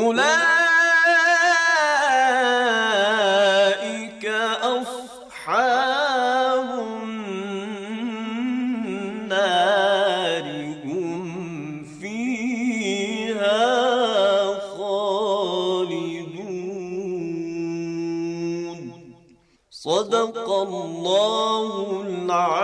أولئك أصحاب النار هم فيها خالدون صدق الله العظيم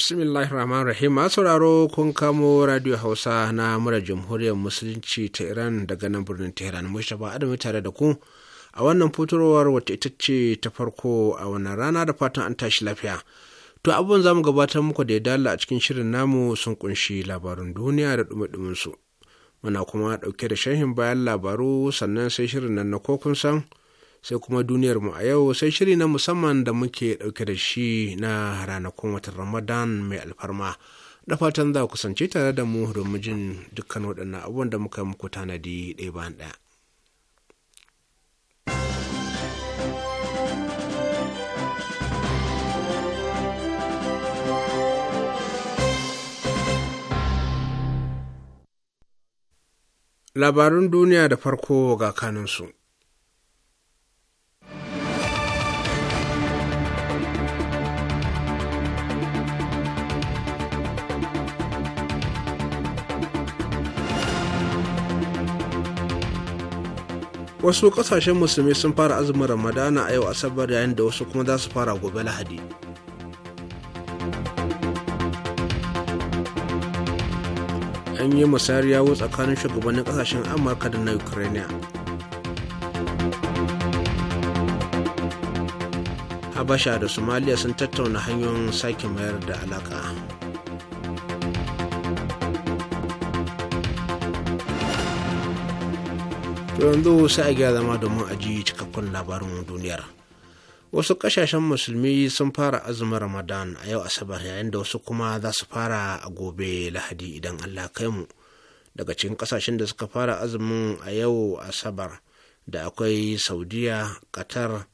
bismillahir rahman rahim sauraro kun kamo radio hausa na mura jamhuriyar musulunci ta iran daga nan birnin tehran mushaba adamu tare da ku a wannan fitowar wata ita ce ta farko a wannan rana da fatan an tashi lafiya to abubuwan zamu gabatar muku da ya dala a cikin shirin namu sun kunshi labarun duniya da dumi su muna kuma dauke da shahin bayan labaru sannan sai shirin nan na kokun san sai kuma duniyarmu a yau sai shiri na musamman da muke ɗauke da shi na ranakun watan ramadan mai alfarma da fatan za kusance tare da mu domin jin dukkan waɗannan abubuwan da muka muku tanadi ɗaya bayan ɗaya Labarun duniya da farko ga kanunsu. wasu kasashen musulmi sun fara azumin ramadana a yau asabar yayin da wasu kuma za su fara gobe lahadi an yi musayar yawo tsakanin shugabannin kasashen amurka da na ukraine habasha da Somalia sun tattauna hanyoyin sake mayar da alaka to yanzu sai a gyara zama domin a ji cikakkun labarin duniyar wasu ƙasashen musulmi sun fara azumin ramadan a yau asabar yayin da wasu kuma za su fara a gobe lahadi idan allah kai mu daga cikin kasashen da suka fara azumin a yau asabar da akwai saudiya qatar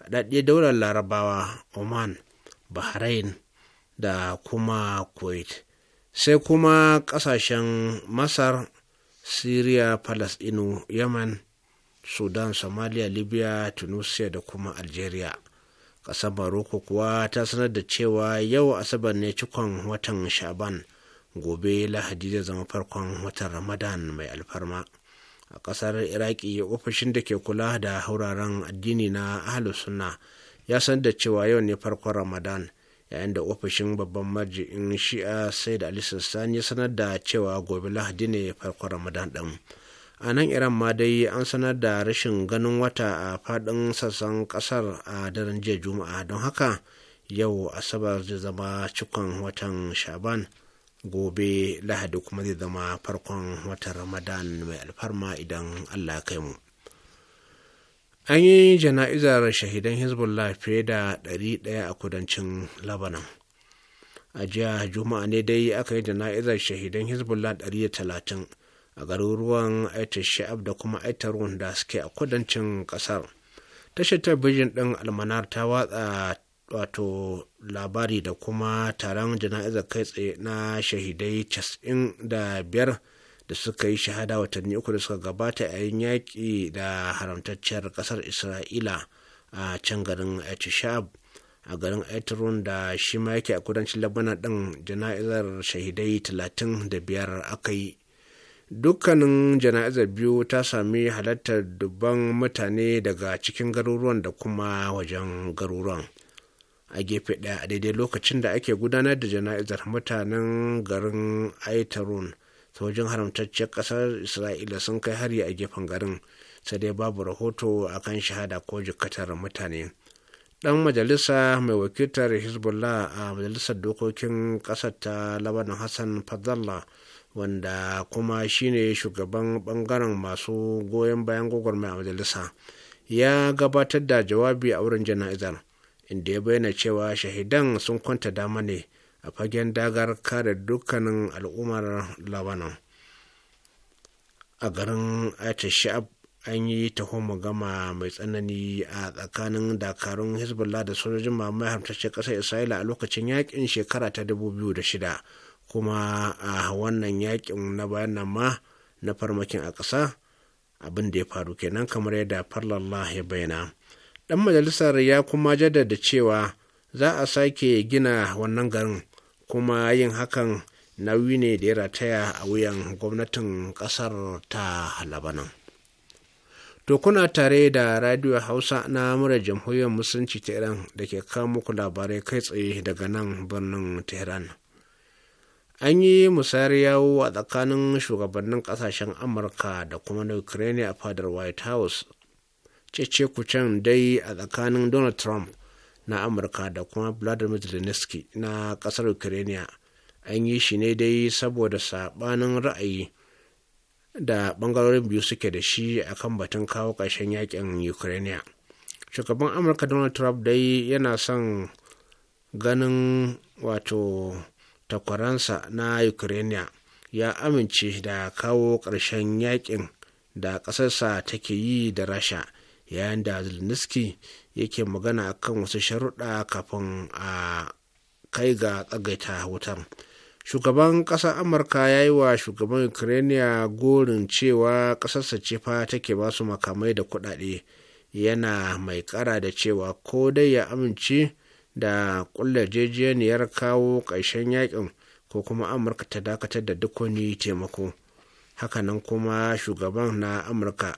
haɗaɗɗe daular larabawa oman bahrain da kuma kuwait sai kuma kasashen masar syria Inu, yaman sudan somalia libya tunisia da kuma algeria ƙasar morocco kuwa ta sanar da cewa yau asabar ne cikon watan shaban gobe lahadi zai zama farkon watan ramadan mai alfarma a ƙasar iraki ofishin da ke kula da hauraren addini na ahalusunna sunna ya san da cewa yau ne farkon ramadan yayin da ofishin babban marji'in shi'a sai da alisa ya sanar da cewa gobe lahadi ne farkon ramadan din a nan iran ma dai an sanar da rashin ganin wata a fadin sassan kasar a daren jiya juma'a don haka yau asabar zai zama cikon watan shaban gobe lahadi kuma zai zama farkon watan ramadan mai alfarma idan allah kai mu an yi jana'izar shahidan hezbollah fiye da 100 a kudancin labanan a jiya juma'a ne dai aka yi jana'izar shahidan hezbollah 130 a garuruwan aitar sha'ab da kuma aitar da suke a kudancin kasar tashar talabijin ɗin almanar ta watsa wato labari da kuma taron jana'izar kai tsaye na shahidai 95 da suka yi shahada watanni uku da suka gabata yayin yaƙi da haramtacciyar ƙasar isra'ila a can garin etishab a garin etron da shi ma yake a kudancin labanan ɗin jana'izar shahidai talatin da biyar aka yi dukkanin jana'izar biyu ta sami halartar dubban mutane daga cikin garuruwan da kuma wajen garuruwan a gefe ɗaya a daidai lokacin da ake gudanar da jana'izar mutanen garin aitarun sojin haramtacciyar ƙasar isra'ila sun kai hari a gefen garin sai dai babu rahoto a kan shahada ko jikatar mutane dan majalisa mai wakiltar hezbollah a majalisar dokokin ƙasar ta labanin hassan fadalla wanda kuma shine shugaban bangaren masu goyon bayan gwagwarmaya a majalisa ya gabatar da jawabi a wurin jana'izar inda ya bayyana cewa shahidan sun kwanta dama ne a fagen dagar kare dukkanin al'ummar labanon a garin atishab an yi tahon gama mai tsanani a tsakanin dakarun hezbollah da sojojin mamaye ƙasa ƙasar isra'ila a lokacin yakin shekara ta da shida, kuma a wannan yakin na bayan nan ma na farmakin a ƙasa abin da ya faru kenan kamar yadda farlallah ya bayyana dan majalisar ya kuma jaddada cewa za a sake gina wannan garin kuma yin hakan nauyi ne da ya rataya a wuyan gwamnatin ƙasar ta labanan to kuna tare da radio hausa na mura jamhuriyar musulunci ta iran da ke kawo muku labarai kai tsaye daga nan birnin tehran an yi musayar yawo a tsakanin shugabannin kasashen amurka da kuma na ukraine a fadar white house cece kucen dai a tsakanin donald trump na amurka da kuma vladimir zelensky na kasar ukraine an yi shi ne dai saboda sabanin ra'ayi da bangarorin biyu suke da shi a kan batun kawo ƙarshen yakin ukraine shugaban amurka donald trump dai yana son ganin wato takwaransa na ukraine ya amince da kawo ƙarshen yakin da ƙasarsa take yi da rasha yayin da zelensky yake magana kan wasu sharuɗa kafin a kai ga tsagaita wutar shugaban ƙasar amurka ya yi wa shugaban ukraine gorin cewa ƙasarsa cefa fa take ba su makamai da kuɗaɗe yana mai ƙara da cewa ko dai ya amince da ƙulla jejeniyar kawo ƙarshen yakin ko kuma amurka ta dakatar da duk wani taimako hakanan kuma shugaban na amurka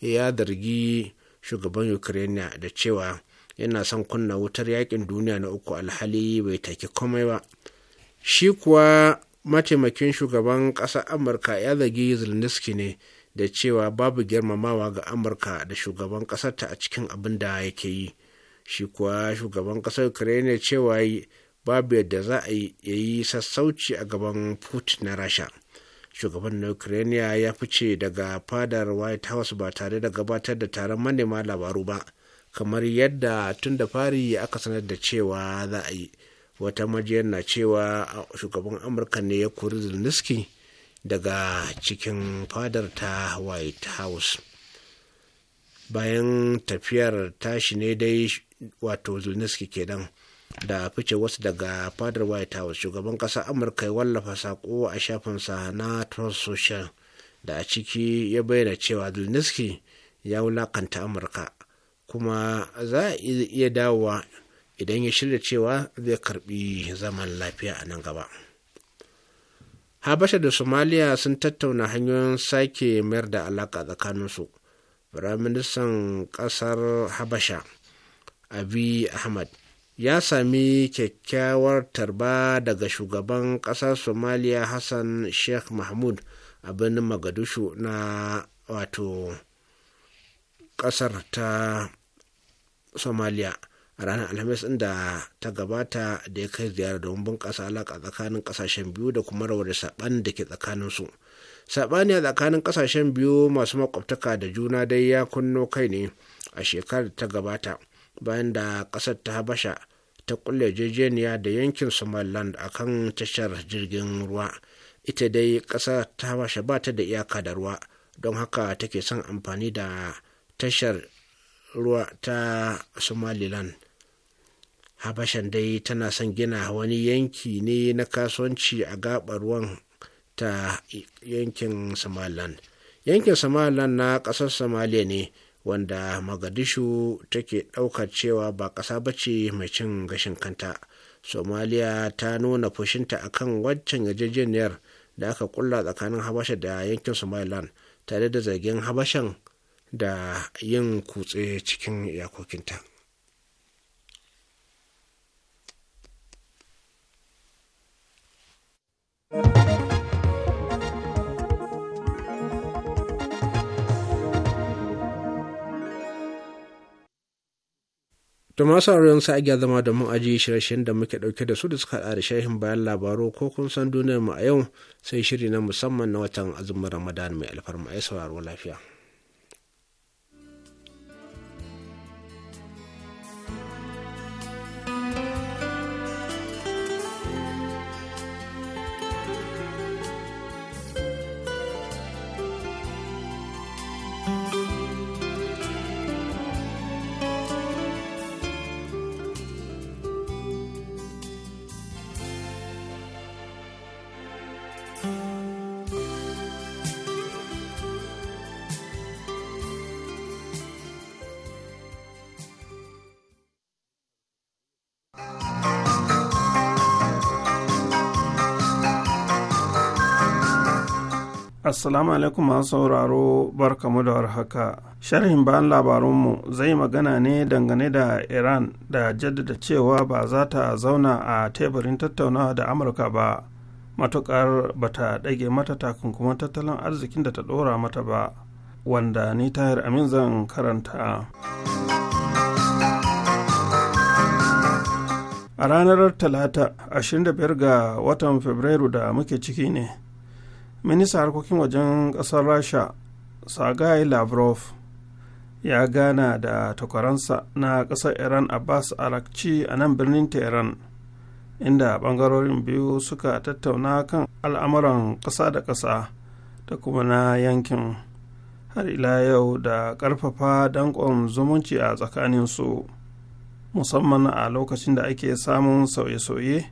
ya zargi shugaban ukraine da cewa yana son kunna wutar yakin duniya na uku alhali bai taki komai ba shi kuwa mataimakin shugaban ƙasar amurka ya zagi zelensky ne da cewa babu girmamawa ga amurka da shugaban ƙasarta a cikin abin da yake yi shi kuwa shugaban ƙasar ukraine cewa babu yadda za a yi sassauci a gaban putin na rasha shugaban na ukraine ya fice daga fadar white house ba tare da gabatar da taron manema labaru ba kamar yadda tun da fari aka sanar da cewa za a yi wata majiyar na cewa shugaban amurka ne ya kori zelensky daga cikin fadar ta white house bayan tafiyar tashi ne dai wato zelensky kenan da fice wasu daga fadar white house shugaban ƙasar amurka ya wallafa sako a shafinsa na trust social da a ciki ya bayyana cewa zelensky ya wulakanta amurka kuma za a iya dawowa idan ya shirya cewa zai karbi zaman lafiya a nan gaba habasha da Somalia sun tattauna hanyoyin sake mayar da alaka tsakaninsu firaministan ƙasar habasha abi ahmad ya sami kyakkyawar tarba daga shugaban ƙasar somaliya hassan sheikh mahmud a birnin magadushu na wato ƙasar ta somaliya a ranar alhamis inda ta gabata da ya kai ziyara domin bunƙasa alaƙa tsakanin ƙasashen biyu da kuma rawar saɓan da ke tsakaninsu saɓani a tsakanin ƙasashen biyu masu makwabtaka da juna dai ya kunno kai ne a shekarar ta gabata bayan da ƙasar ta habasha ta kulle jejeniya da yankin somaliland a kan tashar jirgin ruwa ita dai ƙasar ta habasha ba ta da iyaka da ruwa don haka take son amfani da tashar ruwa ta somaliland habashan dai tana son gina wani yanki ne na kasuwanci a gabar ruwan ta yankin somaliland yankin somaliland na ƙasar somaliya ne wanda magadishu take daukar cewa ba kasa bace mai cin gashin kanta somaliya ta nuna fushinta akan waccan yarjejeniyar da aka kulla tsakanin habasha da yankin somaliland tare da zargin habashan da yin kutse cikin iyakokinta thank you da masu auren sa agya zama da mun ajiye shirye da muke dauke da su da suka da shahin bayan labaru ko kun san duniyar mu a yau sai shiri na musamman na watan azumin ramadan mai alfarma ya sauraro lafiya assalamu alaikum masu sauraro barkamu da warhaka sharhin bayan labarunmu zai magana ne dangane da iran da jaddada cewa ba za ta zauna a teburin tattaunawa da amurka ba matukar ta ɗage mata takunkuman tattalin arzikin da ta ɗora mata ba wanda ni tahir amin zan karanta a ranar talata 25 ga watan fabrairu da muke ciki ne minista harkokin wajen ƙasar rasha sagai lavrov ya gana da takwaransa na ƙasar iran abbas arakci a nan birnin tehran inda ɓangarorin biyu suka tattauna kan al'amuran ƙasa da ƙasa da kuma na yankin har ila yau da ƙarfafa danƙon zumunci a tsakaninsu musamman a lokacin da ake samun sauye-sauye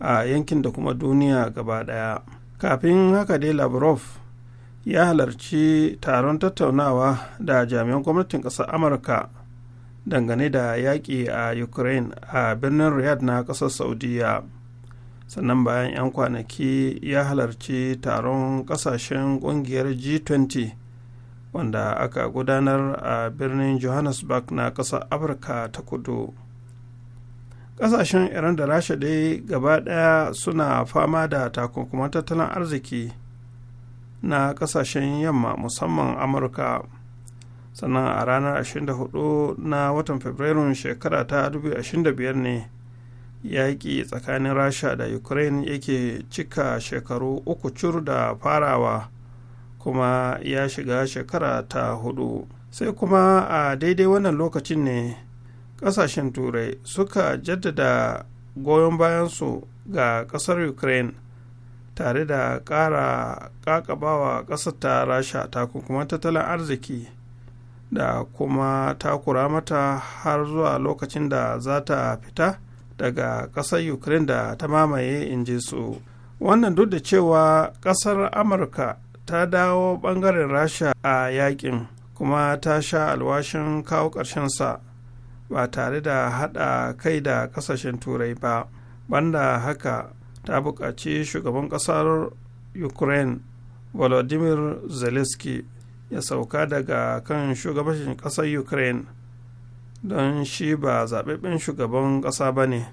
a yankin da kuma duniya gaba ɗaya. kafin haka dai lavrov ya halarci taron tattaunawa da jami'an gwamnatin ƙasar amurka dangane da yaƙi a ukraine a birnin riyadh na ƙasar saudiya sannan bayan 'yan kwanaki ya halarci taron ƙasashen ƙungiyar g20 wanda aka gudanar a birnin johannesburg na ƙasar afirka ta kudu kasashen iran da rasha dai gaba daya suna fama da takunkuman tattalin arziki na kasashen yamma musamman amurka sannan a ranar 24 na watan fabrairun shekara ta 2025 ne yaƙi tsakanin rasha da ukraine yake cika shekaru uku cur da farawa kuma ya shiga shekara ta hudu sai kuma a daidai wannan lokacin ne ƙasashen turai suka jaddada goyon bayansu ga ƙasar ukraine tare da ƙara ƙaƙabawa ƙasar ta rasha takunkuman tattalin arziki da kuma takura mata har zuwa lokacin da za ta fita daga ƙasar ukraine da ta mamaye in ji su wannan duk da cewa ƙasar amurka ta dawo ɓangaren rasha a yakin kuma ta sha alwashin kawo sa. ba tare da haɗa kai da ƙasashen turai ba banda haka ta buƙaci shugaban ƙasar ukraine volodymyr zelensky ya sauka daga kan shugabancin ƙasar ukraine don shi ba zaɓaɓɓen shugaban ƙasa ba ne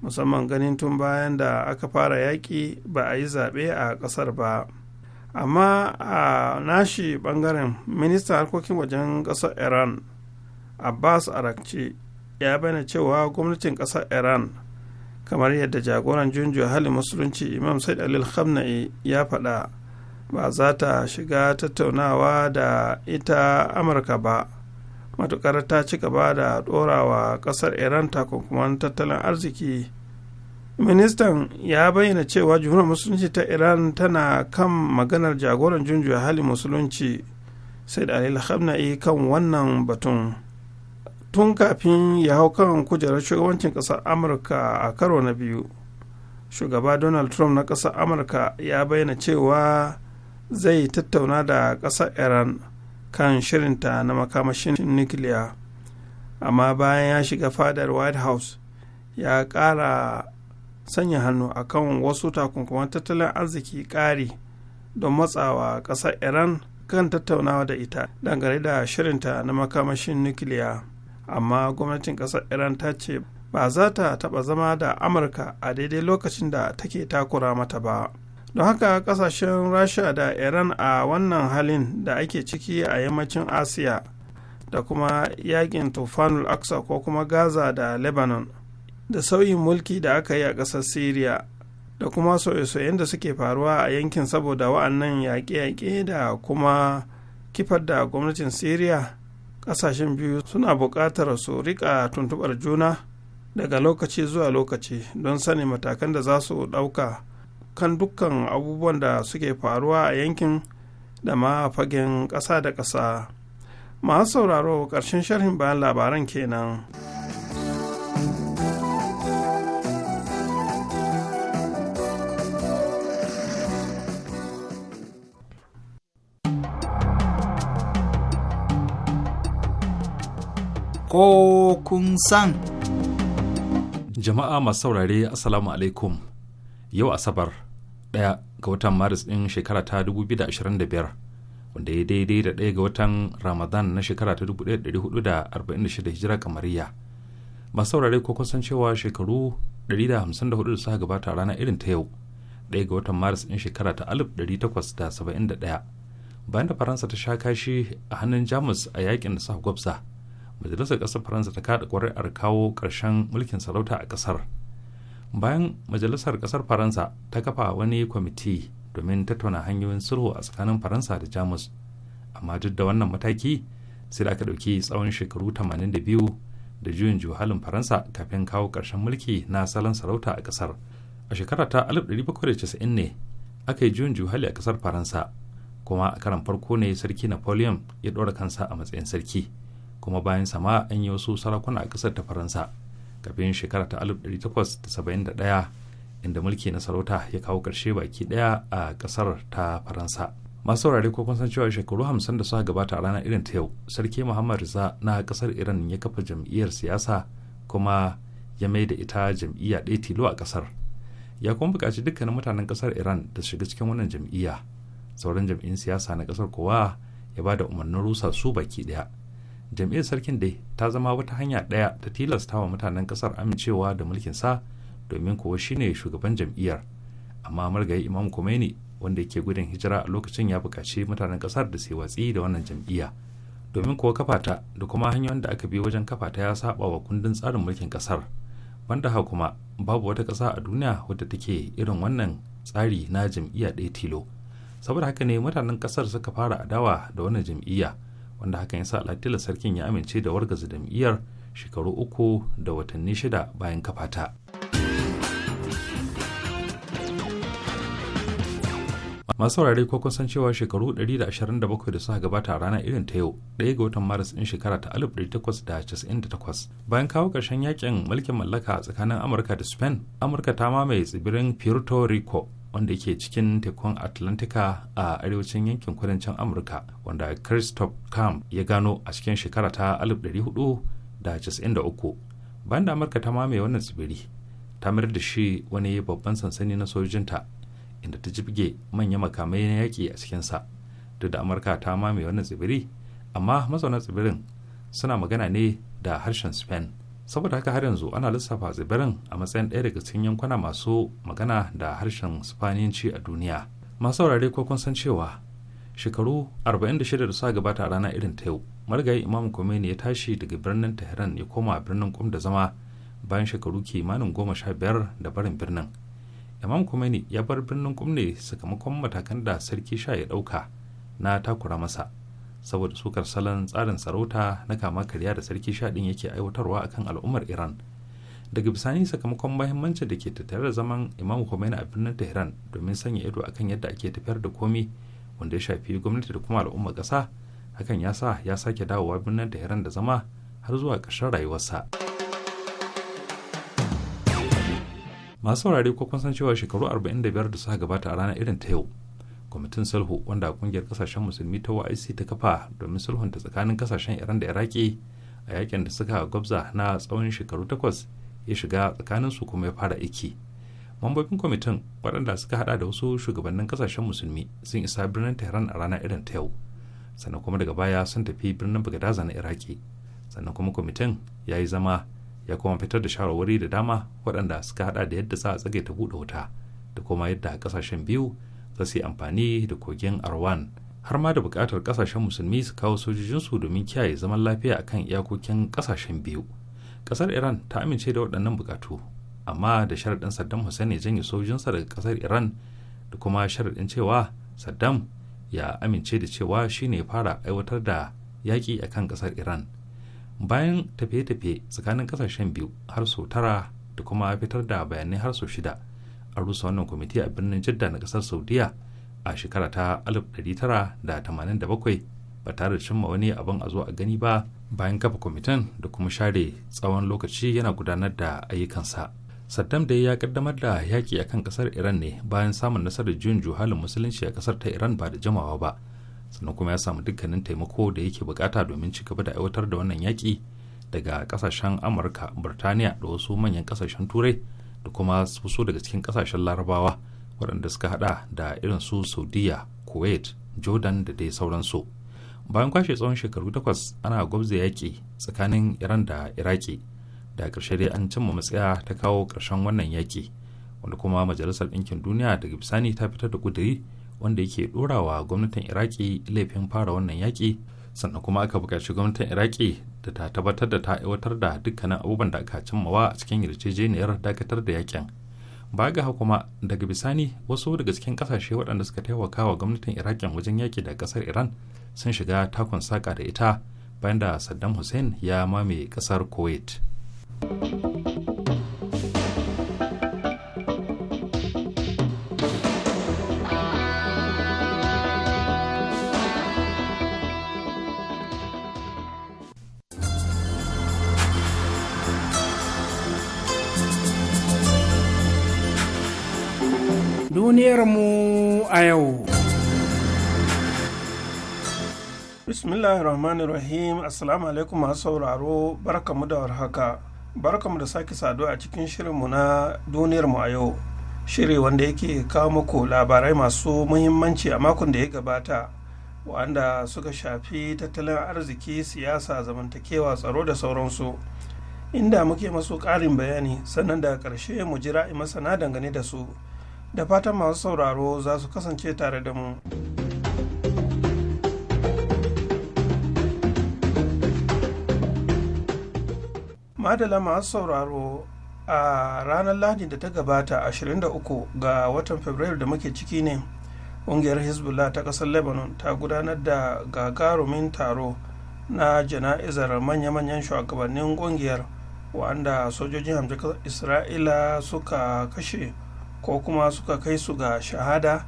musamman ganin tun bayan da aka fara yaƙi ba a yi zaɓe a ƙasar ba amma a nashi ɓangaren ministan harkokin wajen ƙasar iran abbas arakci ya bayyana cewa gwamnatin ƙasar iran kamar yadda jagoran junjo halin musulunci imam said alil khamna'i ya faɗa ba za ta shiga tattaunawa da ita amurka ba matukar ta ci gaba da ɗorawa ƙasar iran takunkuman tattalin arziki ministan ya bayyana cewa jumhuriyar musulunci ta iran tana kan maganar jagoran junjo halin musulunci said alil khamna'i kan wannan batun. tun kafin ya hau kan kujerar shugabancin ƙasar amurka a karo na biyu shugaba donald trump na ƙasar amurka ya bayyana cewa zai tattauna da ƙasar iran kan shirinta na makamashin nukiliya amma bayan ya shiga fadar white house ya ƙara sanya hannu a kan wasu takunkuman tattalin arziki ƙari don matsawa ƙasar iran kan tattaunawa da ita dangane da shirinta na makamashin nukiliya amma gwamnatin kasar iran ta ce ba za ta taba zama da amurka a daidai lokacin da take takura mata ba don haka kasashen rasha da iran a wannan halin da ake ciki a yammacin asiya da kuma yakin tufanul aksa ko kuma gaza da lebanon da sauyin mulki da aka yi a kasar syria da kuma soye-soyen da suke faruwa a yankin saboda wa'annan yaƙe-yaƙe da kuma kifar da gwamnatin syria kasashen biyu suna buƙatar su riƙa tuntuɓar juna daga lokaci zuwa lokaci don sani matakan da za su ɗauka kan dukkan abubuwan da suke faruwa a yankin da ma fagen ƙasa da ƙasa masu sauraro ƙarshen sharhin bayan labaran kenan. ko kun san. Jama'a masu saurare Assalamu alaikum yau Asabar ɗaya ga watan Maris ɗin shekara ta 2025 wanda ya daidai da ɗaya ga watan Ramadan na shekara ta 1446 hijira kamariya. Masu saurare ko kusan cewa shekaru 154 da suka gabata rana irin ta yau ɗaya ga watan Maris ɗin shekara ta 1871 bayan da Faransa ta sha kashi a hannun Jamus a yakin da suka gwabza. majalisar ƙasar faransa ta kada ƙuri'ar kawo ƙarshen mulkin sarauta a ƙasar bayan majalisar ƙasar faransa ta kafa wani kwamiti domin tattauna hanyoyin sulhu a tsakanin faransa da jamus amma duk da wannan mataki sai da aka ɗauki tsawon shekaru 82 da juyin juhalin faransa kafin kawo ƙarshen mulki na salon sarauta a ƙasar a shekara ta 1790 ne aka yi juyin juhali a ƙasar faransa kuma a karan farko ne sarki napoleon ya ɗora kansa a matsayin sarki kuma bayan sama an yi wasu sarakuna a kasar ta faransa kafin shekara ta 1871 inda mulki na sarauta ya kawo ƙarshe baki ɗaya a ƙasar ta faransa masu saurari ko san cewa shekaru hamsin da suka gabata a ranar irin ta yau sarki muhammad riza na kasar iran ya kafa jam'iyyar siyasa kuma ya mai da ita jam'iyya ɗaya tilo a ƙasar ya kuma buƙaci dukkanin mutanen ƙasar iran da shiga cikin wannan jam'iyya sauran jam'in siyasa na kasar kowa ya ba da umarnin rusa su baki ɗaya jam'iyyar sarkin dai ta zama wata hanya ɗaya ta tilasta wa mutanen ƙasar amincewa da mulkin sa domin kuwa shine shugaban jam'iyyar amma margayi imam Khomeini wanda yake gudun hijira a lokacin ya buƙaci mutanen ƙasar da su watsi da wannan jam'iyya domin kuwa kafata da kuma hanyoyin da aka bi wajen kafata ya saba wa kundin tsarin mulkin ƙasar banda ha kuma babu wata ƙasa a duniya wadda take irin wannan tsari na jam'iyya ɗaya tilo saboda haka ne mutanen ƙasar suka fara adawa da wannan jam'iyya wanda hakan ya sa alatila sarkin ya amince da wargaza jam'iyyar shekaru uku da watanni shida bayan kafata. masu saurare ko kun san cewa shekaru 127 da suka gabata a rana irin ta yau ɗaya ga watan maris ɗin shekara ta 1898 bayan kawo karshen yakin mulkin mallaka tsakanin amurka da spain amurka ta mamaye tsibirin puerto rico wanda ke cikin tekun atlantika a arewacin yankin kudancin amurka wanda christoph camp ya gano a cikin shekara ta 1493 bayan da amurka ta mamaye wannan tsibiri ta mayar da shi wani babban sansani na sojinta inda ta jibge manyan makamai na yaƙi a cikinsa duk da amurka ta mamaye wannan tsibiri amma mazauna tsibirin suna magana ne da harshen spain saboda haka har yanzu ana lissafa tsibirin a matsayin ɗaya daga cikin yankuna masu magana da harshen sifaniyanci a duniya masu saurare ko kun san cewa shekaru 46 da su a gabata a rana irin ta yau marigayi imam komeni ya tashi daga birnin tehran ya koma birnin kum da zama bayan shekaru kimanin goma sha biyar da barin birnin imam komeni ya bar birnin kum ne sakamakon matakan da sarki sha ya ɗauka na takura masa saboda sukar salon tsarin sarauta na kama karya da sarki shaɗin yake aiwatarwa akan al'ummar iran daga bisani sakamakon mahimmanci da ke tattare da zaman imam khomeini a birnin tehran domin sanya ido akan yadda ake tafiyar da komi wanda ya shafi gwamnati da kuma al'ummar ƙasa hakan ya sa ya sake dawowa birnin tehran da zama har zuwa ƙarshen rayuwarsa masu saurare ko kun san cewa shekaru 45 da suka gabata a ranar irin ta yau kwamitin sulhu wanda kungiyar kasashen musulmi ta oic ta kafa domin sulhunta tsakanin kasashen iran da iraki a yakin da suka gwabza na tsawon shekaru takwas ya shiga tsakanin su kuma ya fara aiki mambobin kwamitin waɗanda suka hada da wasu shugabannin kasashen musulmi sun isa birnin tehran a rana irin ta yau sannan kuma daga baya sun tafi birnin bagadaza na iraki sannan kuma kwamitin ya yi zama ya kuma fitar da shawarwari da dama waɗanda suka hada da yadda za a tsagaita buɗe wuta da kuma yadda kasashen biyu za su yi amfani da kogin arwan har ma da bukatar kasashen musulmi su kawo sojojinsu domin kiyaye zaman lafiya akan iyakokin kasashen biyu kasar iran ta amince da waɗannan bukatu amma da sharaɗin saddam hussein ya janye sojojinsa daga kasar iran da kuma sharaɗin cewa saddam ya amince da cewa shine fara aiwatar da yaƙi akan kan ƙasar iran bayan tafiye-tafiye tsakanin ƙasashen biyu har sau tara da kuma fitar da bayanai har sau shida a rusa wannan kwamiti a birnin jidda na kasar saudiya a shekara ta 1987 ba tare da cimma wani abin a zo a gani ba bayan kafa kwamitin da kuma share tsawon lokaci yana gudanar da ayyukansa saddam da ya kaddamar da yaƙi a kan ƙasar iran ne bayan samun nasarar juyin juhalin musulunci a ƙasar ta iran ba da jimawa ba sannan kuma ya samu dukkanin taimako da yake bukata domin ci gaba da aiwatar da wannan yaƙi daga ƙasashen amurka burtaniya da wasu manyan ƙasashen turai da kuma wasu daga cikin kasashen larabawa waɗanda suka hada da irin su saudiya kuwait jordan da dai sauransu bayan kwashe tsawon shekaru takwas ana gwabza yaƙi tsakanin iran da iraki da ƙarshe dai an cimma matsaya ta kawo ƙarshen wannan yaƙi wanda kuma majalisar ɗinkin duniya daga bisani ta fitar da ƙuduri wanda yake ɗorawa gwamnatin iraki laifin fara wannan yaƙi sannan kuma aka buƙaci gwamnatin iraki da ta tabbatar da ta aiwatar da dukkanin abubuwan da aka cimmawa a cikin yarjejeniyar dakatar da yakin ba ga kuma daga bisani wasu daga cikin kasashe waɗanda suka taimaka wa gwamnatin irakin wajen yaki da ƙasar iran sun shiga takon saƙa da ita bayan da saddam hussein ya mame ƙasar kuwait thank you mu a yau. Bismillahir Rahmanir Rahim Assalamu alaikum masu sauraro barkamu da warhaka barkamu da sake saduwa a cikin shirinmu na duniyarmu a yau shiri wanda yake kawo muku labarai masu muhimmanci a makon da ya gabata wanda suka shafi tattalin arziki siyasa zamantakewa tsaro da sauransu inda muke masu ƙarin bayani sannan daga ƙarshe mu jira masana dangane da su da fatan masu sauraro za su kasance tare da mu madala masu sauraro a ranar lahadi da ta gabata 23 ga watan fabrairu da muke ciki ne ƙungiyar hezbollah ta ƙasar lebanon ta gudanar da gagarumin taro na jana'izar manya-manyan shugabannin ƙungiyar wa'anda sojojin hamjaka isra'ila suka kashe ko kuma suka kai su ga shahada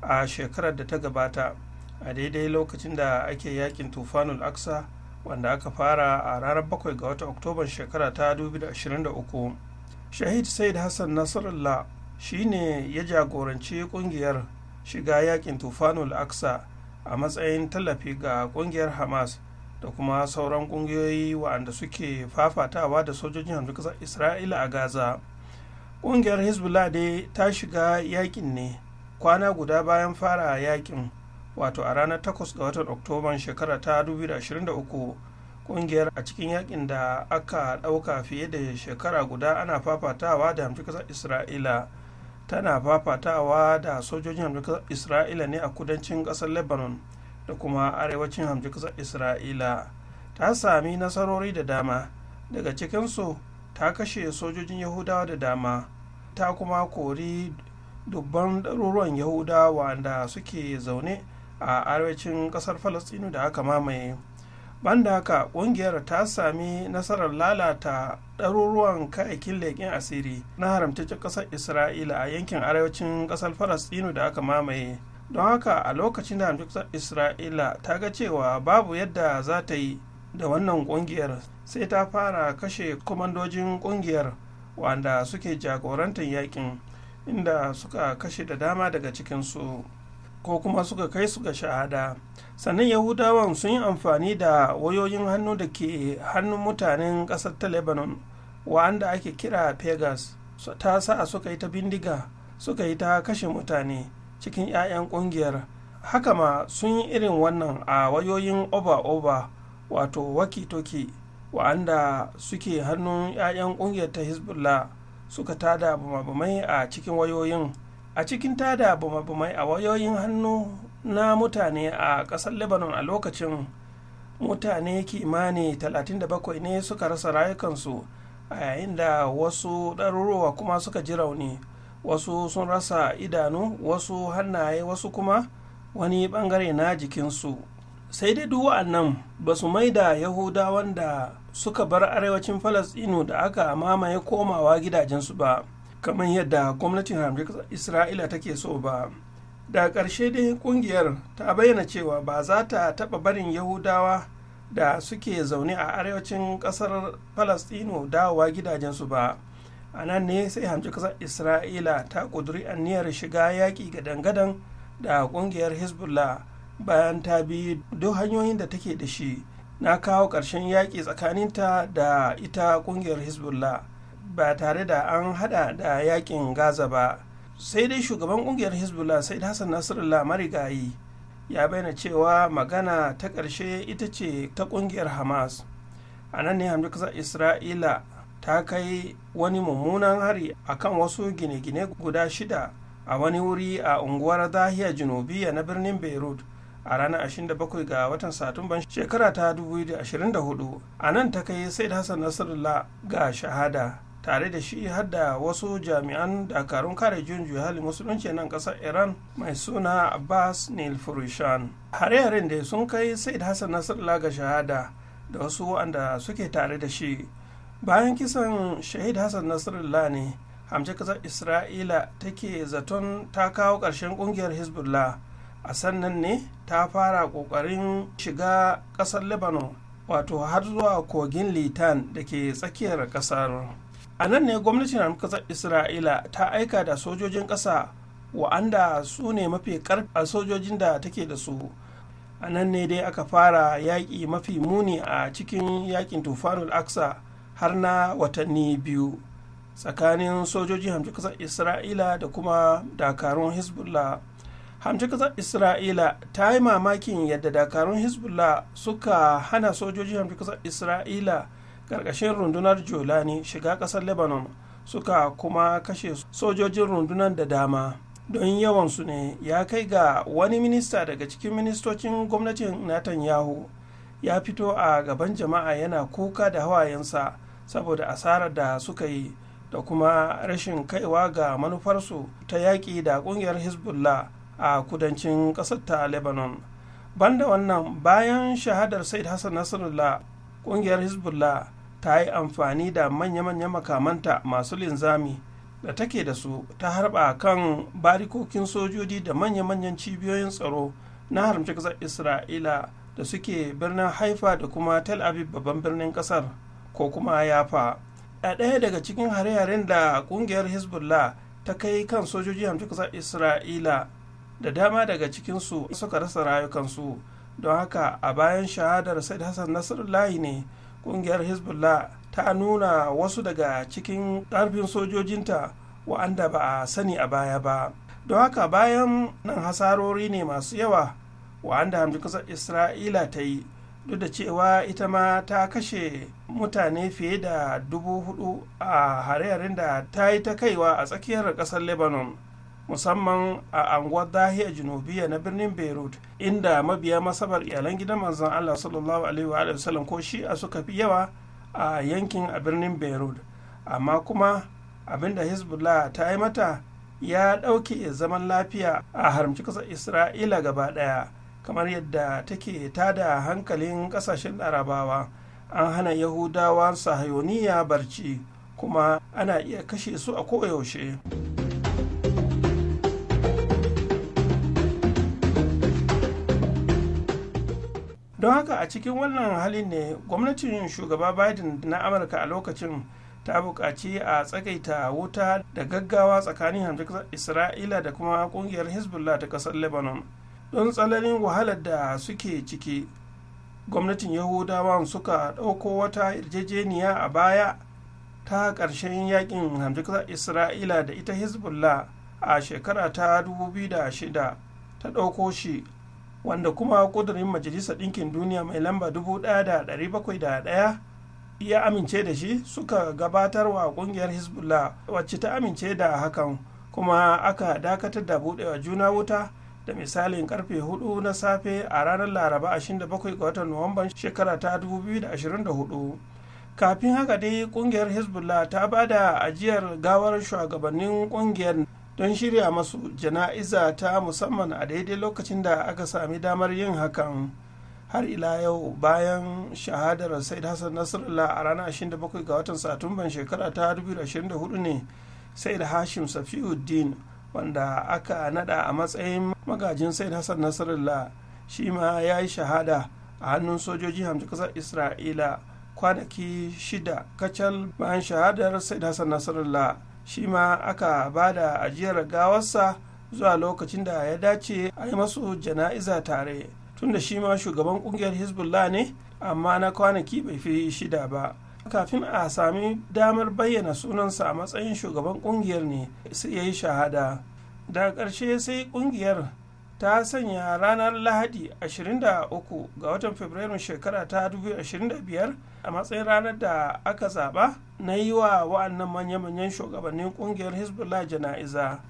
a shekarar da ta gabata a daidai lokacin da ake yakin tufanul aksa wanda aka fara a ranar 7 ga wata oktoban shekara ta 2023 shahid said hassan nasarallah shine ya jagoranci kungiyar shiga yakin tufanul aksa a matsayin tallafi ga kungiyar hamas da kuma sauran kungiyoyi waɗanda suke fafatawa da sojojin ƙasar isra'ila a gaza ƙungiyar hezbollah dai ta shiga yakin ne kwana guda bayan fara yakin wato a ranar 8 ga watan oktoban shekara ta 2023 ƙungiyar a cikin yakin da aka ɗauka fiye da shekara guda ana fafatawa da hamshin isra'ila tana fafatawa da sojojin hamshin isra'ila ne a kudancin ƙasar lebanon da kuma arewacin hamshin isra'ila ta sami nasarori da dama daga cikinsu ta kashe sojojin yahudawa da dama ta kuma kori dubban ɗaruruwan yahudawa wanda suke zaune a arewacin ƙasar falastinu da aka mamaye banda haka ƙungiyar ta sami nasarar lalata ɗaruruwan kayakin leƙen asiri na haramtaccen ƙasar isra'ila a yankin arewacin ƙasar falastinu da aka mamaye don haka a lokacin da haramtaccen ƙasar isra'ila ta ga cewa babu yadda za ta yi da wannan kungiyar sai ta fara kashe kwamandojin kungiyar wanda suke jagorantar yakin inda suka kashe da dama daga cikinsu ko kuma suka kai su ga shahada sannan yahudawan sun yi amfani da wayoyin hannu da ke hannun mutanen ƙasar ta lebanon wa'anda ake kira pegas ta sa suka yi ta bindiga suka yi ta kashe mutane cikin 'ya'yan ƙungiyar haka ma sun yi irin wannan a wayoyin oba-oba wato waki-toki wa'anda suke hannun 'ya'yan ƙungiyar ta hezbollah suka tada bumabumai a cikin wayoyin a cikin tada bumabumai a wayoyin hannu na mutane a ƙasar lebanon a lokacin mutane kimani 37 ne suka rasa rayukansu a yayin da wasu ɗaruruwa kuma suka ji rauni wasu sun rasa idanu wasu hannaye wasu kuma wani ɓangare na jikinsu sai dai duk wa'annan ba su maida yahudawan da suka bar arewacin falasɗinu da aka mamaye komawa gidajensu ba kamar yadda gwamnatin isra'ila take so ba da ƙarshe dai kungiyar ta bayyana cewa ba za ta taɓa barin yahudawa da suke zaune a arewacin ƙasar falasɗinu dawowa gidajensu ba a nan ne sai hamci ƙasar isra'ila ta ƙuduri aniyar shiga yaƙi ga dangadan da ƙungiyar hezbollah bayan ta bi duk hanyoyin da take da shi na kawo ƙarshen yaƙi tsakaninta da ita ƙungiyar hezbollah ba tare da an hada da yaƙin gaza ba sai dai shugaban ƙungiyar hezbollah sai hassan nasrallah marigayi ya bayyana cewa magana ta ƙarshe ita ce ta ƙungiyar hamas a nan ne hamdu kasar isra'ila ta kai wani mummunan hari a kan wasu gine-gine guda shida a wani wuri a unguwar zahiya junubiya na birnin beirut a ranar 27 ga watan satumban shekara ta 2024 a nan ta kai said hassan nasarullah ga shahada tare da shi hadda wasu jami'an dakarun kare juyin halin musulunci nan kasar iran mai suna abbas neil furushan hare-haren da sun kai said hassan nasarullah ga shahada da wasu wanda suke tare da shi bayan kisan shahid hassan nasarullah ne hamce kasar isra'ila take zaton ta kawo ƙarshen ƙungiyar hezbollah a sannan ne ta fara ƙoƙarin shiga ƙasar lebanon wato har zuwa kogin litan da ke tsakiyar ƙasar a nan ne gwamnatin amurkasar isra'ila ta aika da sojojin ƙasa wa'anda su ne mafi ƙarfi a sojojin da take da su a nan ne dai aka fara yaƙi mafi muni a cikin yaƙin tufanul aksa har na watanni biyu tsakanin sojoji hamsin ƙasar isra'ila da kuma dakarun hezbollah hamci kasar isra'ila ta yi mamakin yadda dakarun hezbollah suka hana sojoji hamci kasar isra'ila ƙarƙashin rundunar jolani shiga ƙasar lebanon suka kuma kashe sojojin rundunar da dama don yawansu ne ya kai ga wani minista daga cikin ministocin gwamnatin yahu ya fito a gaban jama'a yana kuka da hawayensa saboda asarar da suka yi da kuma rashin kaiwa ga manufarsu ta yaƙi da ƙungiyar hezbollah a kudancin ƙasar ta lebanon banda wannan bayan shahadar said hassan nasrullah ƙungiyar hezbollah ta yi amfani da manya manya makamanta masu linzami da take da su ta harba kan barikokin sojoji da manya-manyan cibiyoyin tsaro na haramci ƙasar isra'ila da suke birnin haifa da kuma tel aviv babban birnin ƙasar ko kuma yafa a ɗaya daga cikin hare-haren da ƙungiyar hezbollah ta kai kan sojoji haramci ƙasar isra'ila da dama daga cikinsu suka rasa rayukansu don haka a bayan shahadar said hassan nasarullahi ne kungiyar hezbollah ta nuna wasu daga cikin ƙarfin sojojinta wa'anda ba a sani a baya ba don haka bayan nan hasarori ne masu yawa wa'anda hamdu kasar isra'ila ta yi duk da cewa ita ma ta kashe mutane fiye da dubu hudu a hare-haren da ta yi ta kaiwa a tsakiyar ƙasar lebanon musamman a anguwar dahiya junubiya na birnin beirut inda mabiya masabar iyalan gidan manzon allah sallallahu alaihi wa sallam ko shi'a suka fi yawa a yankin a birnin beirut amma kuma abinda hezbollah ta yi mata ya ɗauke zaman lafiya a haramci ƙasar isra'ila gaba ɗaya kamar yadda take tada hankalin ƙasashen larabawa an hana yahudawa sahayoniya barci kuma ana iya kashe su a koyaushe. don haka a cikin wannan halin ne gwamnatin shugaba biden na amurka a lokacin ta buƙaci a tsakaita wuta da gaggawa tsakanin hamdukar isra'ila da kuma ƙungiyar hezbollah ta ƙasar lebanon don tsananin wahalar da suke ciki gwamnatin yahudawa suka ɗauko wata yarjejeniya a baya ta ƙarshen yakin hamdukar isra'ila da ita hezbollah a shekara ta 2006 ta ɗauko shi wanda kuma ƙudurin majalisar ɗinkin duniya mai lamba 1701 ya amince da shi suka gabatar wa ƙungiyar hezbollah wacce ta amince da hakan kuma aka dakatar da buɗewa juna wuta da misalin karfe 4 na safe a ranar laraba 27 ga watan nuwamban shekara ta 2024 kafin haka dai kungiyar hezbollah ta ba da ajiyar gawar shugabannin kungiyar don shirya masu jana'iza ta musamman a daidai lokacin da aka sami damar yin hakan har ila yau bayan shahadar said hassan nasrallah a ranar 27 ga watan satumban shekara ta 2024 ne said hashim safiuddin wanda aka nada a matsayin magajin said hassan nasrallah shi ma ya yi shahada a hannun sojoji hamsin kasar isra'ila kwanaki shida kacal bayan shahadar said hassan nasrallah shi ma aka ba da ajiyar gawarsa zuwa lokacin da ya dace a yi masu jana'iza tare Tun da shi ma shugaban kungiyar hezbollah ne amma na kwanaki bai fi shida ba kafin a sami damar bayyana sunansa a matsayin shugaban kungiyar ne sai ya yi shahada daga ƙarshe sai kungiyar ta sanya ranar lahadi 23 ga watan fabrairun shekara ta 2025 a matsayin ranar da aka zaba na yi wa wa'annan manya-manyan shugabannin kungiyar hezbollah jana'iza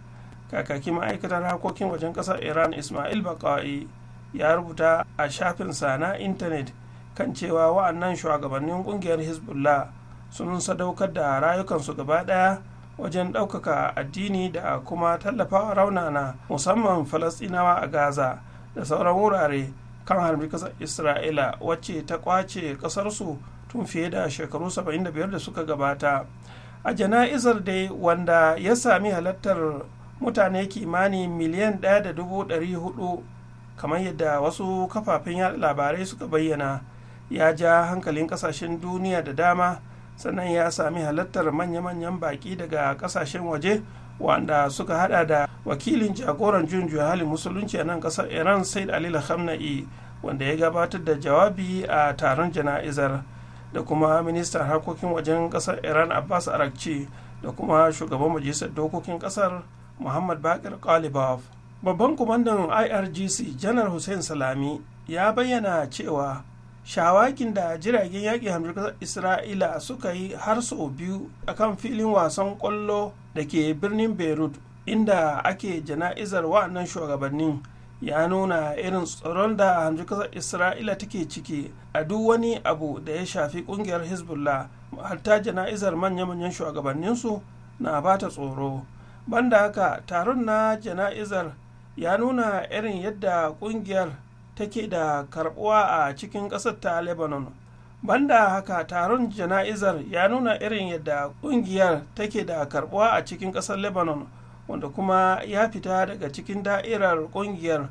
kakaki ma'aikatar harkokin wajen kasar iran ismail bakawai ya rubuta a shafin sa na intanet kan cewa wa'annan shugabannin kungiyar hezbollah sun sadaukar da rayukansu gaba daya wajen ɗaukaka addini da kuma tallafawa raunana musamman falasɗinawa a gaza da sauran wurare kan harbi ƙasar isra'ila wacce ta kwace ƙasarsu tun fiye da shekaru 75 da suka gabata a jana'izar dai wanda ya sami halartar mutane kimanin miliyan 1.400 kamar yadda wasu kafafen yada labarai suka bayyana ya ja hankalin ƙasashen duniya da dama sannan ya sami halartar manya-manyan baki daga kasashen waje wanda suka hada da wakilin jagoran juyin halin musulunci a nan kasar iran said alil khamna'i wanda ya gabatar da jawabi a taron jana'izar da kuma ministan harkokin wajen kasar iran abbas arakci da kuma shugaban majalisar dokokin kasar muhammad bakir kalibov babban kwamandan irgc janar hussein salami ya bayyana cewa shawakin da jiragen yaƙi hamshin isra'ila suka yi har sau biyu a kan filin wasan ƙwallo da ke birnin beirut inda ake jana'izar wa'annan shugabannin ya nuna irin tsoron da hamshin isra'ila take ciki a duk wani abu da ya shafi ƙungiyar hezbollah hatta jana'izar manya-manyan shugabanninsu na bata tsoro banda haka taron na jana'izar ya nuna irin yadda ƙungiyar take da karbuwa a cikin ƙasar ta lebanon banda haka taron jana'izar ya nuna irin yadda ƙungiyar take da karbuwa a cikin ƙasar lebanon wanda kuma ya fita daga cikin da'irar ƙungiyar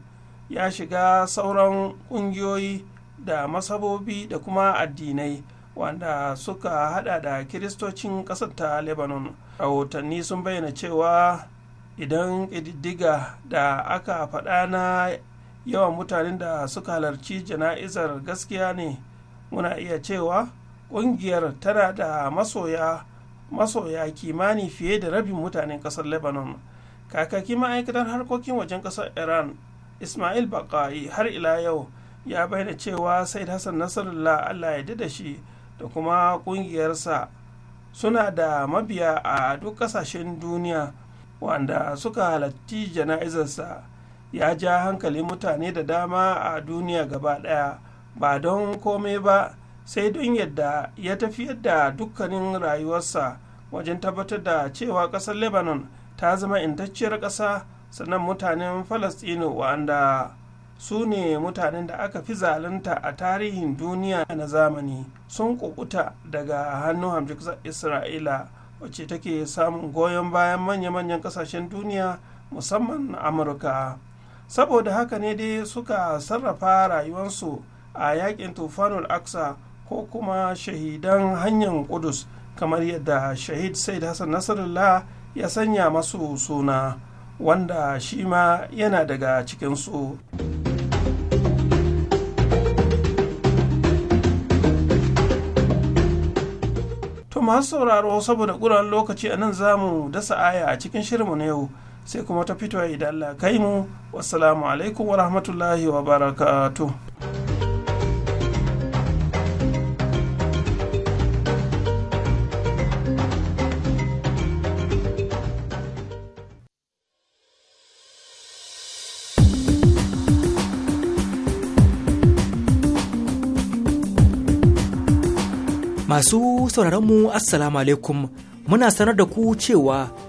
ya shiga sauran ƙungiyoyi da masabobi da kuma addinai wanda suka hada da kiristocin ƙasar ta lebanon rahotanni sun bayyana cewa idan ƙididdiga da aka faɗa na yawan mutanen da suka halarci jana'izar gaskiya ne muna iya cewa ƙungiyar tana da masoya masoya kimani fiye da rabin mutanen ƙasar lebanon kakakin ma'aikatar harkokin wajen ƙasar iran ismail bakayi har ila yau ya bayyana cewa said hassan nasarullah allah ya da shi da kuma ƙungiyarsa suna da mabiya a duk ƙasashen duniya wanda suka halatti jana'izarsa ya ja hankalin mutane da dama a duniya gaba ɗaya ba don komai ba sai don yadda ya tafiyar da dukkanin rayuwarsa wajen tabbatar da cewa ƙasar lebanon ta zama intacciyar ƙasa sannan mutanen falastinu wa'anda su ne mutanen da aka fi zalunta a tarihin duniya na zamani sun kukuta daga hannun hamjiksa isra'ila wacce take samun goyon bayan manya-manyan kasashen duniya musamman amurka saboda haka ne dai suka sarrafa rayuwarsu a yakin tufanul aksa ko kuma shahidan hanyar kudus kamar yadda shahid said hassan nasarullah ya sanya masu suna wanda shi ma yana daga cikinsu to masu sauraro saboda ƙuran lokaci a nan za mu dasa aya a cikin shirinmu na yau sai kuma ta fito idan Allah kai mu wassalamu alaikum wa rahmatullahi wa barakatu. Masu sauraronmu Assalamu alaikum muna sanar da ku cewa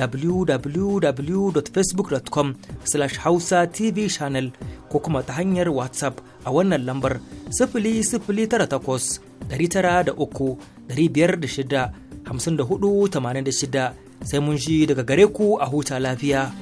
www.facebook.com slash hausa tv channel ko kuma ta hanyar whatsapp a wannan lambar sifili sifili da takwas ɗari tara da uku ɗari shida sai mun shi daga gare ku a huta lafiya.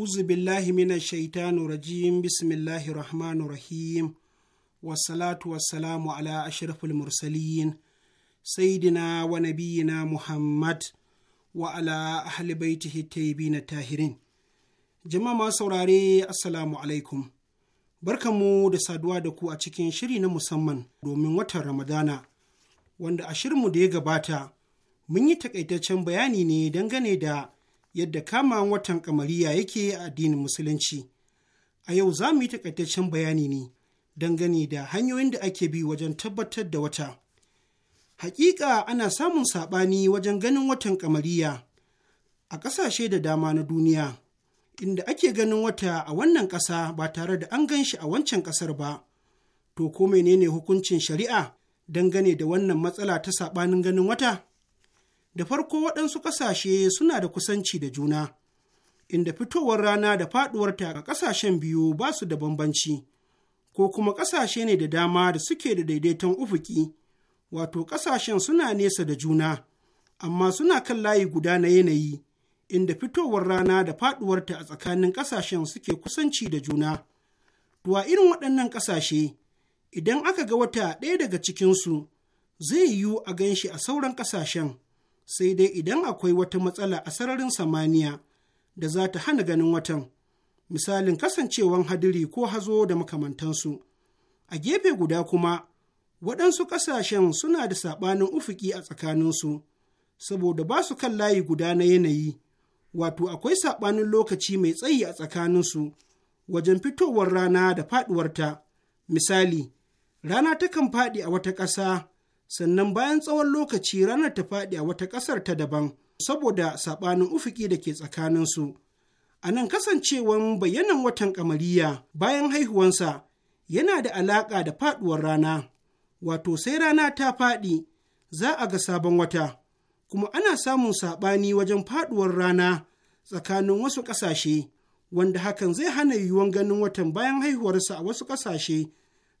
a'uzu billahi mina shaitanu rajim bismillahi rahmanu rahim wasalatu wasalamu ala ashirafil mursalin Saidina wa nabiyina muhammad wa ala hita baitihi na tahirin jama'a ma saurare assalamu alaikum barkamu da saduwa da ku a cikin shiri na musamman domin watan ramadana wanda a shirinmu da ya gabata mun yi takaitaccen bayani ne dangane da yadda kama watan kamariya yake a addinin musulunci a yau za mu yi takaitaccen bayani ne dangane da hanyoyin da ake bi wajen tabbatar da wata hakika ana samun saɓani wajen ganin watan kamariya a ƙasashe da dama na duniya inda ake ganin wata a wannan ƙasa ba tare da an gan shi a wancan ƙasar ba to ko menene hukuncin shari'a dangane da wannan matsala ta saɓanin ganin wata da farko waɗansu ƙasashe suna da kusanci da juna, inda fitowar rana da faɗuwarta a ƙasashen biyu ba su da bambanci, ko kuma ƙasashe ne da dama da suke da daidaiton ufuki, wato ƙasashen suna nesa da juna, amma suna kan layi guda na yanayi, inda fitowar rana da faɗuwarta a tsakanin ƙasashen suke kusanci da juna. To a irin waɗannan ƙasashe, idan aka ga wata ɗaya daga cikinsu, zai yiwu a ganshi a sauran ƙasashen. sai dai idan akwai wata matsala a sararin samaniya da za ta hana ganin watan, misalin kasancewan hadiri ko hazo da makamantansu. A gefe guda kuma, waɗansu ƙasashen suna da saɓanin ufuki a tsakaninsu, saboda ba su kan layi guda na yanayi, wato akwai saɓanin lokaci mai tsayi a tsakaninsu wajen fitowar rana da faɗuwarta. Misali, rana takan faɗi a wata ƙasa sannan bayan tsawon lokaci ranar ta faɗi a wata ƙasar ta daban saboda saɓanin ufuki da ke tsakaninsu. A nan kasancewan bayyanan watan kamariya bayan haihuwansa yana da alaƙa da faɗuwar rana, wato sai rana ta faɗi za a ga sabon wata, kuma ana samun saɓani wajen faɗuwar rana tsakanin wasu ƙasashe, wanda hakan zai hana yiwuwan ganin watan bayan haihuwarsa a wasu ƙasashe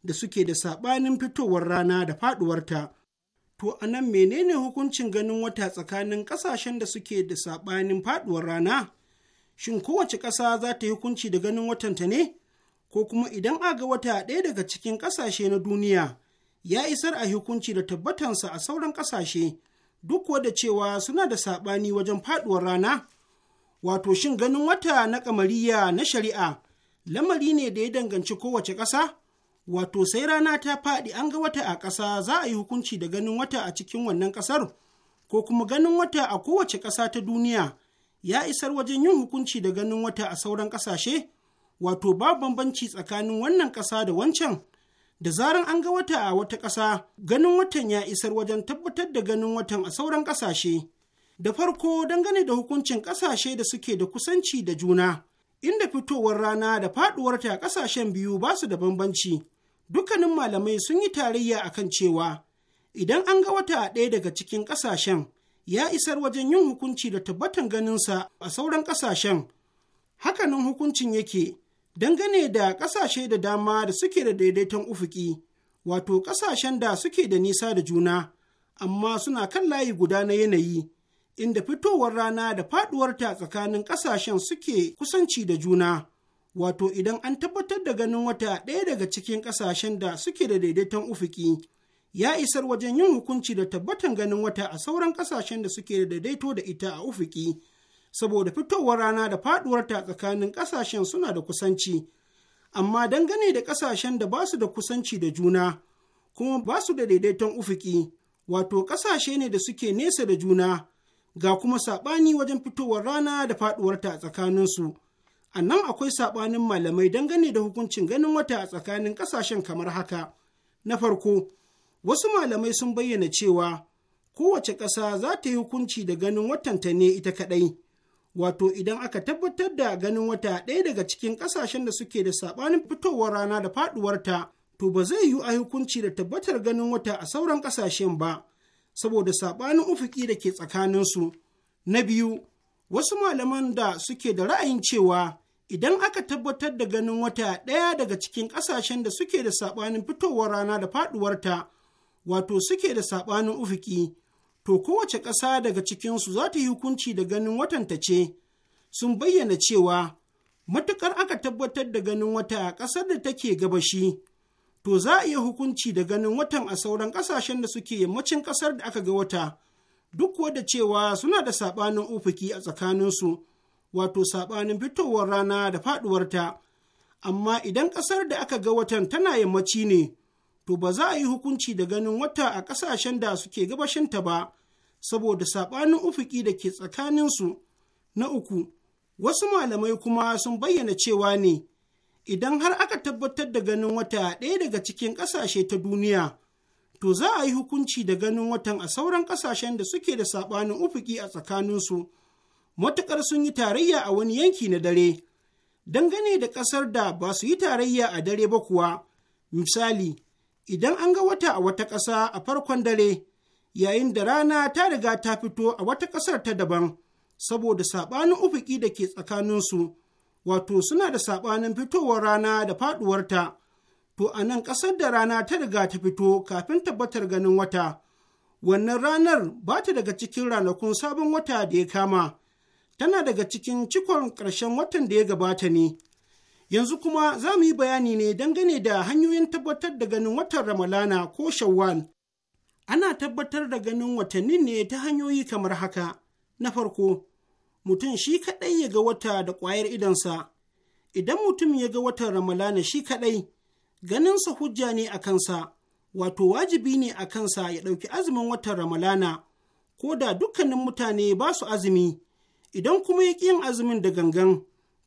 da suke da saɓanin fitowar rana da faɗuwarta. To a nan menene hukuncin ganin wata tsakanin ƙasashen da suke da saɓanin faɗuwar rana? Shin kowace ƙasa za ta yi hukunci da ganin watanta ne? Ko kuma idan aga wata ɗaya daga cikin ƙasashe na duniya ya isar a hukunci da tabbatansa a sauran ƙasashe duk da cewa suna da saɓani wajen faɗuwar rana? Wato shin ganin wata na kamariya na shari'a lamari ne da ya danganci kowace ƙasa? wato sai rana ta faɗi an ga wata a ƙasa za a yi hukunci da ganin wata a cikin wannan ƙasar ko kuma ganin wata a kowace ƙasa ta duniya ya isar wajen yin hukunci da ganin wata a sauran ƙasashe wato babu bambanci tsakanin wannan ƙasa da wancan da zaran an ga wata a wata ƙasa ganin watan ya isar wajen tabbatar da ganin watan a sauran ƙasashe da farko dangane da hukuncin ƙasashe da suke da kusanci da juna inda fitowar rana da faɗuwarta a ƙasashen biyu ba su da bambanci dukkanin malamai sun yi tarayya akan cewa idan an ga wata ɗaya daga cikin ƙasashen ya isar wajen yin hukunci da tabbatan ganinsa a sauran ƙasashen hakanan hukuncin yake dangane da ƙasashe da dama da suke da daidaiton ufuki wato ƙasashen da suke da nisa da juna amma suna kan layi guda na yanayi inda fitowar rana da faɗuwarta tsakanin ƙasashen suke kusanci da juna wato idan an tabbatar da ganin wata ɗaya daga cikin ƙasashen da suke da daidaiton ufuki ya isar wajen yin hukunci da tabbatan ganin wata a sauran ƙasashen da suke da daidaito da ita a ufuki saboda fitowar rana da faɗuwarta tsakanin ƙasashen suna da kusanci amma dangane da ƙasashen da ba su da kusanci da juna kuma ba su da daidaiton ufuki wato ƙasashe ne da suke nesa da juna ga kuma saɓani wajen fitowar rana da faɗuwarta a tsakaninsu. a nan akwai saɓanin malamai dangane da hukuncin ganin wata a tsakanin ƙasashen kamar haka na farko wasu malamai sun bayyana cewa kowace ƙasa za ta yi hukunci da ganin watanta ne ita kaɗai wato idan aka tabbatar da ganin wata ɗaya daga cikin ƙasashen da suke da saɓanin fitowar rana da faɗuwarta to ba zai yiwu a hukunci da tabbatar ganin wata a sauran ƙasashen ba saboda saɓanin ufuki da ke tsakaninsu na biyu wasu malaman da suke da ra'ayin cewa idan aka tabbatar da ganin wata ɗaya daga cikin ƙasashen da suke da saɓanin fitowar rana da faɗuwarta wato suke da saɓanin ufuki to kowace ƙasa daga cikinsu za ta yi hukunci da ganin watanta ce sun bayyana cewa matuƙar aka tabbatar da ganin wata a ƙasar da take gabashi to za a iya hukunci da ganin watan a sauran ƙasashen da suke yammacin ƙasar da aka ga wata duk wadda cewa suna da saɓanin ufuki a tsakaninsu wato saɓanin fitowar rana da faɗuwarta amma idan ƙasar da aka ga watan tana yammaci ne to ba za a yi hukunci da ganin wata a ƙasashen da suke gabashinta ba saboda saɓanin ufuki da ke tsakaninsu na uku wasu malamai kuma sun bayyana cewa ne idan har aka tabbatar da ganin wata ɗaya daga cikin ƙasashe ta duniya to za a yi hukunci da ganin watan a sauran ƙasashen da suke da saɓanin ufuki a tsakaninsu matuƙar sun yi tarayya a wani yanki na dare dangane da ƙasar da ba su yi tarayya a dare ba kuwa misali idan an ga wata a wata ƙasa a farkon dare yayin da rana ta riga ta fito a wata ƙasar ta daban saboda saɓanin ufuki da ke tsakaninsu wato suna da saɓanin fitowar rana da faɗuwarta to a nan ƙasar da rana ta riga ta fito kafin tabbatar ganin wata wannan ranar ba ta daga cikin ranakun sabon wata da ya kama tana daga cikin cikon ƙarshen watan da ya gabata ne yanzu kuma za mu yi bayani ne dangane da hanyoyin tabbatar da ganin watan ramalana ko shawwal ana tabbatar da ganin watanni ne ta hanyoyi kamar haka na farko mutum shi kaɗai ya ga wata da ƙwayar idansa idan mutum ya ga watan ramalana shi kaɗai ganinsa hujja ne a kansa, wato wajibi ne a kansa ya ɗauki azumin watan Ramalana, ko da dukkanin mutane ba su azumi, idan kuma ya yin azumin da gangan,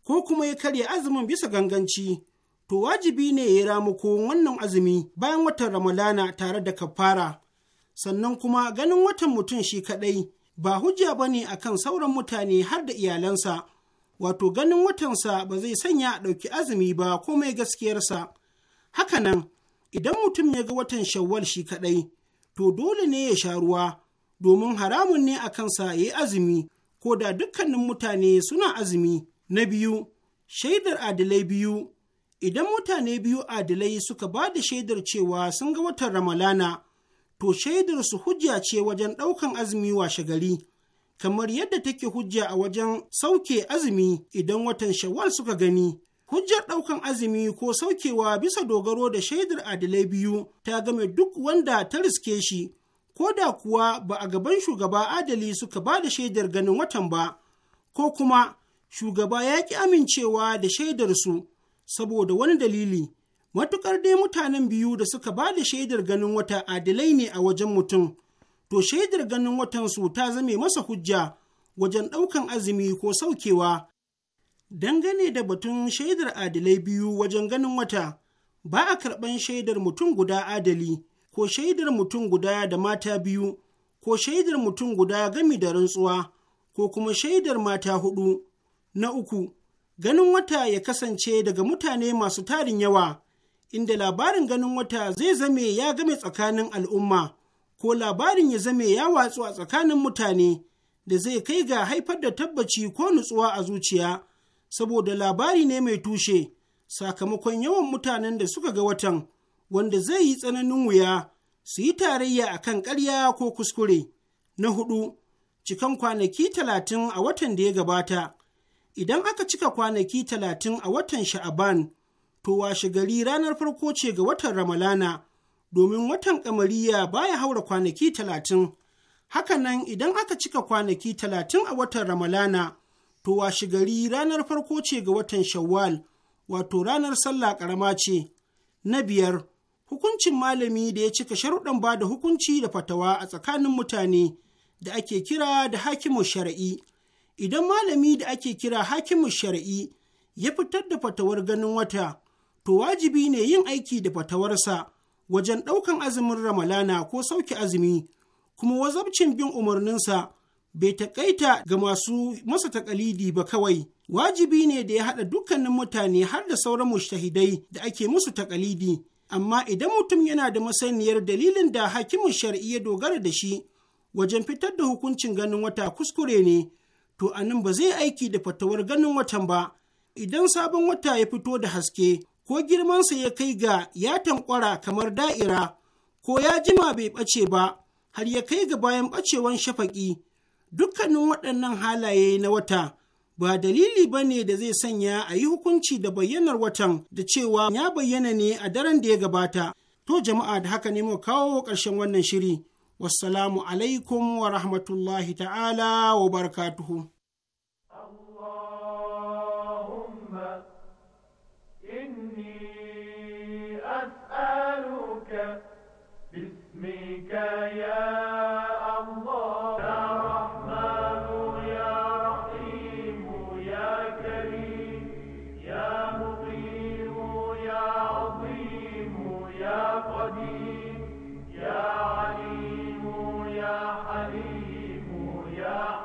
ko kuma ya karya azumin bisa ganganci, to wajibi ne ya ramuko wannan azumi bayan watan Ramalana tare da kafara. Sannan kuma ganin watan mutum shi kaɗai ba hujja ba ne a kan sauran mutane har da iyalansa, wato ganin watansa ba zai sanya a ɗauki azumi ba ko mai gaskiyarsa. Hakanan, idan mutum ya ga watan shawwal shi kaɗai, to dole ne ya sha ruwa, domin haramun ne a kansa ya yi azumi, ko da dukkanin mutane suna azumi. Na biyu, shaidar adilai biyu, idan mutane biyu adilai suka ba da shaidar cewa sun ga watan Ramalana, to shaidar su hujja ce wajen ɗaukan azumi washe gari, kamar yadda take hujja a wajen sauke azumi idan watan Shawwal suka gani. Hujjar ɗaukan azumi ko saukewa bisa dogaro da shaidar adalai biyu ta game duk wanda ta riske shi, ko da kuwa ba a gaban shugaba adali suka ba da shaidar ganin watan ba, ko kuma shugaba ya ƙi amincewa da shaidar su saboda wani dalili. Matuƙar dai mutanen biyu da suka ba da shaidar ganin wata adalai ne a wajen mutum, to shaidar ganin watan su ta zame masa hujja wajen ɗaukan azumi ko saukewa. dangane da batun shaidar adalai biyu wajen ganin wata ba a karɓan shaidar mutum guda adali ko shaidar mutum guda da mata biyu ko shaidar mutum guda gami da rantsuwa ko kuma shaidar mata hudu na uku ganin wata ya kasance daga mutane masu tarin yawa inda labarin ganin wata zai zame ya game tsakanin al'umma ko labarin ya zame ya watsu a tsakanin mutane da zai kai ga haifar da tabbaci ko nutsuwa a zuciya saboda labari ne mai tushe sakamakon yawan mutanen da suka ga watan wanda zai yi tsananin wuya su yi tarayya a kan ƙarya ko kuskure. Na hudu, cikan kwanaki talatin a watan da ya gabata. Idan aka cika kwanaki talatin a watan sha'aban, to washe gari ranar farko ce ga watan Ramalana, domin watan kamariya baya haura kwanaki talatin. Hakanan idan aka cika kwanaki talatin a watan Ramalana, to washe gari ranar farko ce ga watan Shawwal, wato ranar sallah ƙarama ce. Na biyar, hukuncin malami da ya cika sharuɗan ba da hukunci da fatawa a tsakanin mutane da ake kira da hakimu shari'i. Idan malami da ake kira hakimu shari'i ya fitar da fatawar ganin wata, to wajibi ne yin aiki da fatawarsa wajen ɗaukan azumin Ramalana ko sauke azumi, kuma wazabcin bin umarninsa. bai takaita ga masu masa takalidi ba kawai wajibi ne da ya haɗa dukkanin mutane har da sauran mushtahidai da ake musu takalidi amma idan mutum yana da masaniyar dalilin da hakimin shari'i ya dogara da shi wajen fitar da hukuncin ganin wata kuskure ne to anan ba zai aiki da fatawar ganin watan ba idan sabon wata ya fito da haske ko girmansa ya kai ga ya tankwara kamar da'ira ko ya jima bai ɓace ba har ya kai ga bayan ɓacewan shafaƙi dukkanin waɗannan halaye na wata ba dalili ba ne da zai sanya a yi hukunci da bayyanar watan da cewa ya bayyana ne a daren da ya gabata. To jama'a da haka ne mu kawo ƙarshen wannan shiri. Wassalamu alaikum wa rahmatullahi ta'ala wa barakatuhu. يا قديم يا عليم يا حليم يا